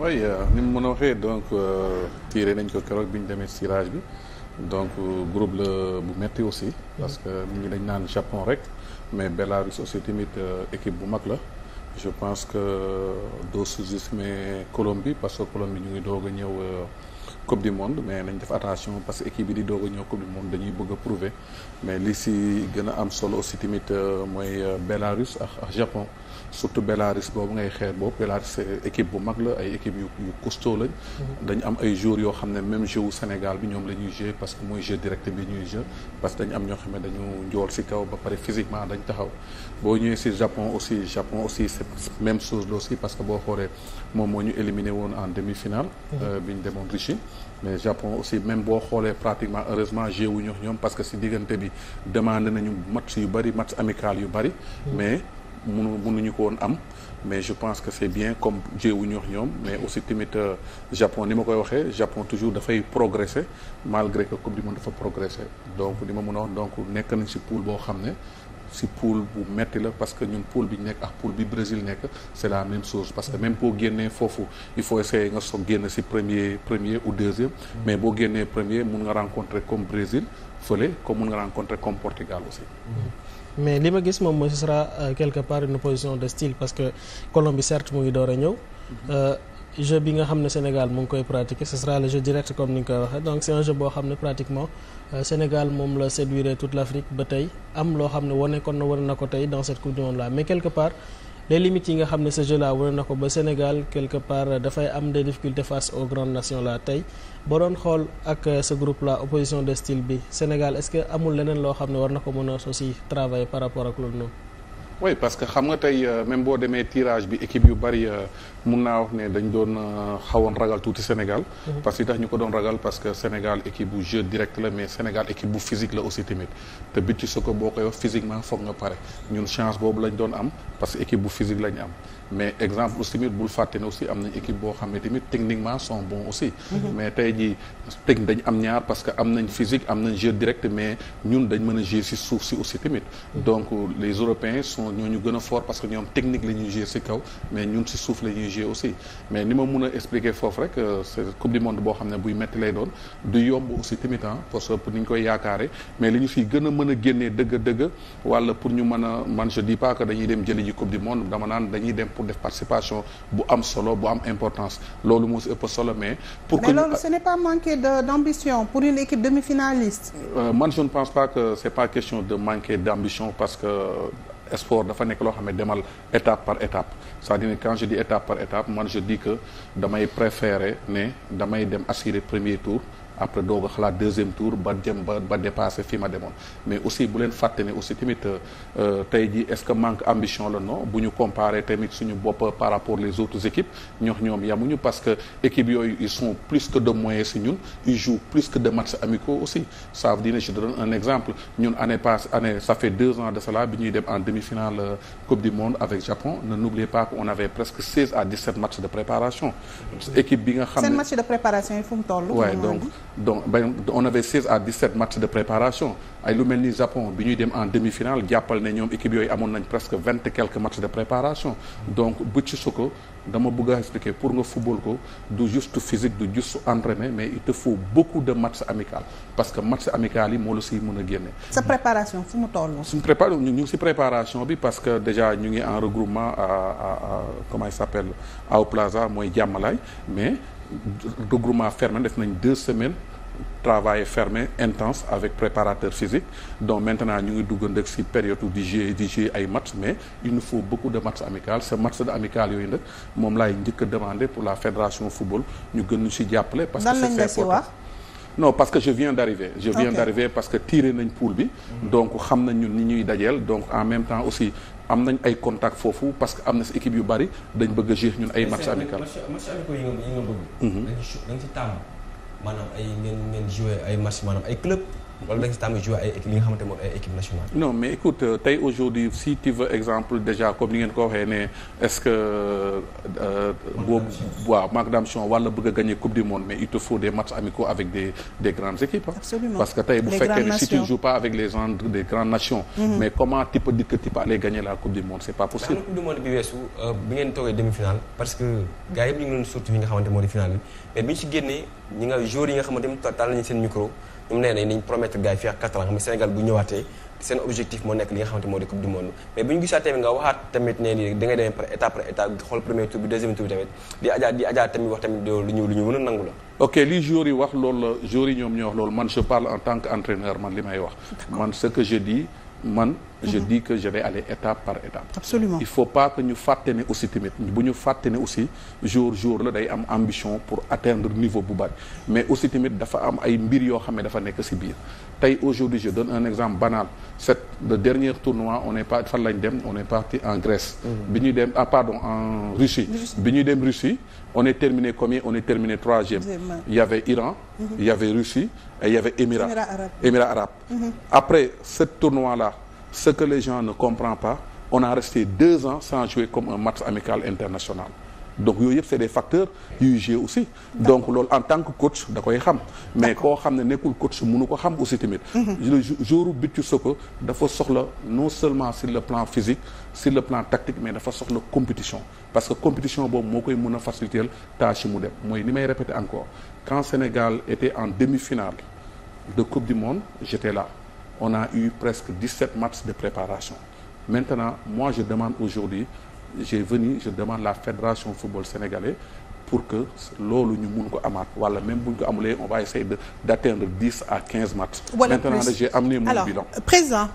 waaye euh, ni mu mën a waxee donc euh, tiré nañ ko keroog bi ñu demee tirage bi donc euh, groupe la bu metti aussi. parce que nit ñi dañ naan Japon rek mais Belarus aussi tamit équipe bu mag la. je pense que doo sous-estimer Colombie parce que Colombie ñu ngi doog a ñëw. coupe du monde mais nañ def attention parce que équipe bi di doog a ñëw coupe du monde dañuy bëgg a prouver mais li si gën a am solo aussi tamit euh, mooy euh, Belarus ak Japon surtout Belarus boobu ngay xeer boobu Belarus équipe bu mag la ay équipe yu yu costaud lañ. Mm-hmm. am ay jour yoo xam ne même jeu wu Sénégal bi ñoom la ñuy parce que mooy jeu direct bi ñuy jouer parce que dañ am ñoo xam ne dañu njool si kaw ba pare physiquement dañ taxaw boo ñëwee si Japon aussi Japon aussi c'est même chose la aussi parce que boo xoolee moom moo ñu éliminé woon en demi-finale. Mm-hmm. Euh, bi mais Japon aussi même boo xoolee pratiquement heureusement joué wuñu ñoom parce si diggante bi demandé nañu match yu bëri match amical yu bari mais munu munuñu ko woon am mais je pense que c'est bien comme jéewuñu wax ñoom mais aussi tamit euh, Japon ni ma koy waxee Japon toujours dafay progresser malgré que Coupe du Monde dafa progresser donc li ma mun a wax donc nekk nañ ci poule boo xam ne si poule bu metti la parce que ñun poule bi ñu nekk ak poule bi Brésil nekk c'est la même chose parce que même boo génnee foofu il faut essayer nga soog génn si premier premier ou deuxième mm-hmm. mais boo génnee premier mun nga rencontrer comme Brésil fële comme mun nga rencontrer comme Portugal mais li ma gis moom mooy ce sera euh, quelque part une opposition de style parce que Colombie certes mu ngi door a ñëw. Euh, jeu bi nga xam ne Sénégal mu ngi koy pratiquer ce sera le jeu direct comme ni nga koy waxee donc c'est un jeu boo xam ne pratiquement euh, Sénégal moom la séduire toute l'Afrique ba tey am loo xam ne wane kon na wane na ko tey dans cette coupe du monde mais quelque part. les limites yi nga xam ne ce jeu là wane na ko ba Sénégal quelque part dafay am des difficultés face aux grandes nations là tey ba doon xool ak euh, ce groupe là opposition de style bi Sénégal est-ce que amul leneen loo xam ne war na ko mën a aussi travailler par rapport ak loolu noonu. oui parce que xam nga tey euh, même boo demee tirage bi équipe yu bari euh, mun naa wax ne dañ doon euh, xawoon ragal tuuti Sénégal. Mhm. parce que tax ñu ko doon ragal parce que Sénégal équipe bu jeu direct la mais Sénégal équipe bu physique la aussi tamit te but ci su ko boo koy wax physiquement foog nga pare ñun chance boobu lañ doon am parce que équipe bu physique lañ am. mais exemple aussi tamit bul fàtte ne aussi am nañ équipe boo xam ne tamit techniquement sont bons mhm. am ñaar parce que am nañ physique am nañ jeu direct mais ñun dañ mën a jouer si suuf si aussi tamit. Mhm. donc les Européens sont bon ñooñu gën a parce que ñoom technique la ñuy ci kaw mais ñun ci suuf la ñuy aussi mais ni ma mun a expliquer foofu rek euh, coupe du monde boo xam ne buy métti lay doon du yomb aussi tamit parce que ni ñu koy yaakaare mais li ñu ciy gën a mën a génnee dëgg dëgg wala pour ñu mën a man je dis pas dañuy dem jëli ji coupe du monde dama naan dañuy dem pour def participation bu am solo bu am importance loolu moo ci ëpp solo mais. loolu ce sport dafa nekk loo xam ne demal étape par étape c'est-à-dire quand je dis étape par étape man je dis que damay préférer ne damay dem assurer premier tour après doog a xalaat deuxième tour ba dem ba ba dépasser fi ma demoon mais aussi bu leen fàtte ne aussi tamit euh, euh, tey ji est-ce que manque ambition la non bu ñu comparer tamit suñu bopp par rapport les autres équipes ñox ñoom yamuñu parce que équipe yooyu ils sont plus que de moyens si ñun ils jouent plus que de matchs amicaux aussi ça veut dire je un exemple ñun année passée année ça fait deux ans de cela bi ñuy dem en demi-finale euh, Coupe du Monde avec Japon ne n'oubliez pas à 17 matchs de nga xam ne seen match de préparation yi fu donc on avait 16 à 17 matchs de préparation ay lu mel ni Japon bi ñuy dem en demi-finale jàppal ne ñoom équipe yooyu amoon nañ presque vingt et quelques matchs de préparation donc bëcc su ko dama bëgg a expliquer pour nga football ko du juste physique du juste entre mais il te faut beaucoup de matchs amicaux parce que matchs amicaux yi moo la siy mën a génne. sa préparation fu mu toll. suñ prépa ñu ngi si préparation bi parce que déjà ñu ngi en regroupement à à à comment il Plaza mooy jàmmalaay mais. regroupement fermé def nañ deux semaines travail fermé intense avec préparateur physique donc maintenant ñu ngi dugg nag ci période di jouer ay mat mais il nous faut beaucoup de matchs amicaux ce match de amical yooyu nag moom laay njëkk a demander pour la fédération football ñu gën ñu ci jàppale. parce que c'est très important non parce que je viens d'arriver je viens d'arriver parce que tiré nañ poule bi. Mm-hmm. donc xam nañ ñun ñi ñuy dajeel donc en même temps aussi. am nañ ay contact foofu parce que am na si équipe yu bari dañ bëgg a jouer ñun ay match amical match amical yi nga bëgg mhm. dañ ci tàmm maanaam ay ngeen ngeen jouer ay match maanaam ay club wala da nga si tàmm jouer ay li nga xamante moom ay équipe nationale non mais écoute euh, tey aujourd'hui si tu veux exemple déjà comme ni ngeen ko waxee ne est-ce que euh, euh, boobu waaw manque bëgg a gagner coupe du monde mais il te faut des matchs amicaux avec des grandes équipes parce que tey bu fekkee ne si tu ne joues pas avec les gens des grandes nations mhm. mais comment tu peux dire que tu peux aller gagner la coupe du monde c'est pas possible mais coupe du monde bi weesu bi ngeen toogee demi-finale ñoom nee nañ nañ promettre gars yi fii ak 4 ans xam ne Sénégal bu ñëwaatee seen objectif moo nekk li nga xamante moo di coupe du monde mais bu ñu gisaat tamit nga waxaat tamit nee ni da demee par étape par étape xool premier tour bi tamit di ajaat di ajaat tamit wax tamit lu ñu lu ñu mën a nangu la ok li joueurs yi wax loolu la joueurs yi ñoom ñoo wax loolu man je parle en tant que entraîneur man li may wax man ce que je dis je dis que je vais aller étape par étape. absolument il faut pas que ñu fàtte ne aussi tamit bu ñu fàtte ne aussi jour jour la day am ambition pour atteindre niveau bu bari mais aussi tamit dafa am ay mbir yoo xam ne dafa nekk ci biir tey aujourd'hui je donne un exemple banal cette le dernier tournoi on est pas fan lañ dem on est parti en Grèce. Mm-hmm. bi ñuy dem ah pardon Russie. ñuy dem Russie on est terminé combien on est terminé troisième. il y avait Iran. Mm-hmm. il y avait Russie il y avait Émirats. Émirats mm-hmm. après ce tournoi là. ce que les gens ne comprennent pas on a resté deux ans sans jouer comme un match amical international donc yooyu yëpp c'est des facteurs yuy jouer aussi donc lool en tant que coach da koy xam mais koo xam ne nekkul coach mënu ko xam aussi tamit le jour Buccu Soko dafa soxla non seulement sur le plan physique sur le plan tactique mais dafa soxla compétition parce que compétition boobu moo koy mun a faciliter tâche yi mu dem mooy ni may répéter encore quand Sénégal était en demi-finale de Coupe du Monde j'étais on a eu presque 17 matchs de préparation maintenant moi je demande aujourd'hui j'ai venu je demande la fédération football sénégalais pour que loolu ñu mun ko amaat wala même buñ ko amulee on va essayer de d'atteindre 10 à 15 matchs. Voilà maintenant j'ai amené mon Alors,